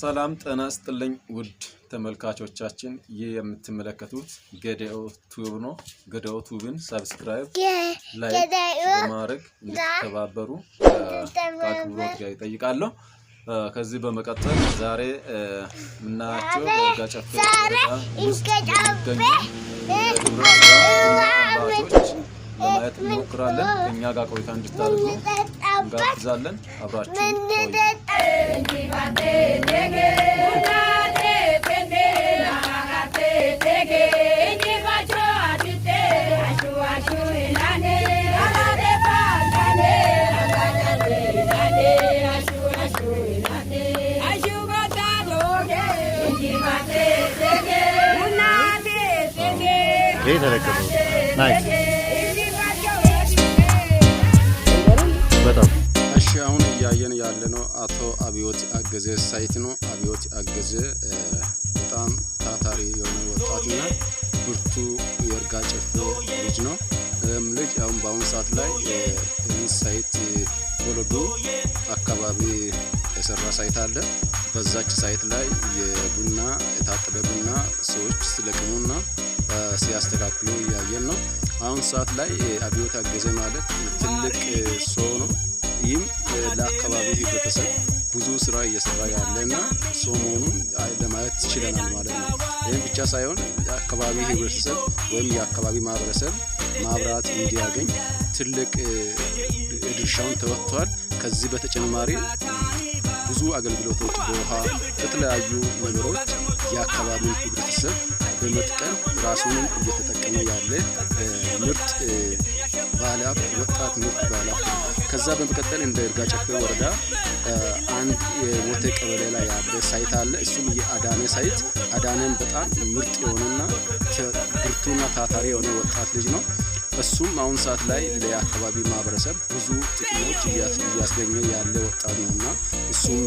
ሰላም ጤና ይስጥልኝ ውድ ተመልካቾቻችን፣ ይህ የምትመለከቱት ገዴኦ ቱብ ነው። ገዴኦ ቱብን ሰብስክራይብ፣ ላይክ በማድረግ እንድትተባበሩ ከአክብሮት ጋር ይጠይቃለሁ። ከዚህ በመቀጠል ዛሬ የምናያቸው በወርጋ ጨፌ የሚገኙ ለማየት እንሞክራለን። ጋር ቆይታ እንድታደርጉ እንጋብዛለን። አብራችሁ የተረከበው ናይስ በጣም እሺ። አሁን እያየን ያለ አቶ አብዮት አገዘ ሳይት ነው። አብዮት አገዘ በጣም ታታሪ የሆነ ወጣትና ብርቱ የእርጋ ጨፌ ልጅ ነው። ልጅ አሁን በአሁኑ ሰዓት ላይ ይህን ሳይት ወለዱ አካባቢ የሰራ ሳይት አለ። በዛች ሳይት ላይ የቡና የታጠበ ቡና ሰዎች ሲለቅሙና ሲያስተካክሉ እያየን ነው። አሁን ሰዓት ላይ አብዮት አገዘ ማለት ትልቅ አካባቢ ህብረተሰብ ብዙ ስራ እየሰራ ያለና ሰው መሆኑን ለማለት ችለናል ማለት ነው። ይህም ብቻ ሳይሆን የአካባቢ ህብረተሰብ ወይም የአካባቢ ማህበረሰብ ማብራት እንዲያገኝ ትልቅ ድርሻውን ተወጥቷል። ከዚህ በተጨማሪ ብዙ አገልግሎቶች በውሃ በተለያዩ ነገሮች የአካባቢ ህብረተሰብ በመጥቀም ራሱንም እየተጠቀመ ያለ ምርጥ ባለሀብት ወጣት ምርጥ ባለሀብት ከዛ በመቀጠል እንደ እርጋ ጨፌ ወረዳ አንድ የሞቴ ቀበሌ ላይ ያለ ሳይት አለ። እሱም የአዳነ ሳይት። አዳነን በጣም ምርጥ የሆነና ብርቱና ታታሪ የሆነ ወጣት ልጅ ነው። እሱም አሁን ሰዓት ላይ ለአካባቢ ማህበረሰብ ብዙ ጥቅሞች እያስገኘ ያለ ወጣት እና እሱም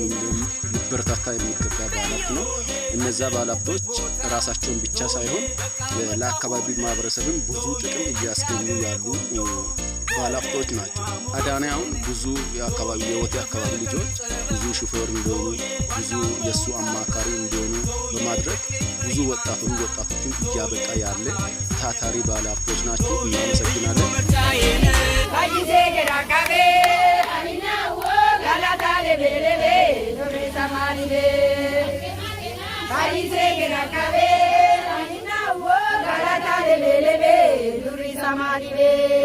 ልበረታታ የሚገባ ባለሀብት ነው። እነዛ ባለሀብቶች ራሳቸውን ብቻ ሳይሆን ለአካባቢ ማህበረሰብም ብዙ ጥቅም እያስገኙ ያሉ ባለሀብቶች ናቸው። አዳኔ አሁን ብዙ የአካባቢ የወቴ አካባቢ ልጆች ብዙ ሹፌር እንዲሆኑ ብዙ የእሱ አማካሪ እንዲሆኑ በማድረግ ብዙ ወጣቶች ወጣቶችን እያበቃ ያለ ታታሪ ባለሀብቶች ናቸው። እናመሰግናለን። Samari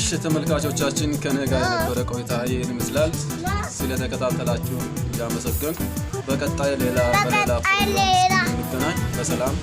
እሺ ተመልካቾቻችን ከነ ጋር የነበረ ቆይታ ይህን ይመስላል። ስለተከታተላችሁ እያመሰገን በቀጣይ ሌላ በሌላ እንገናኝ። በሰላም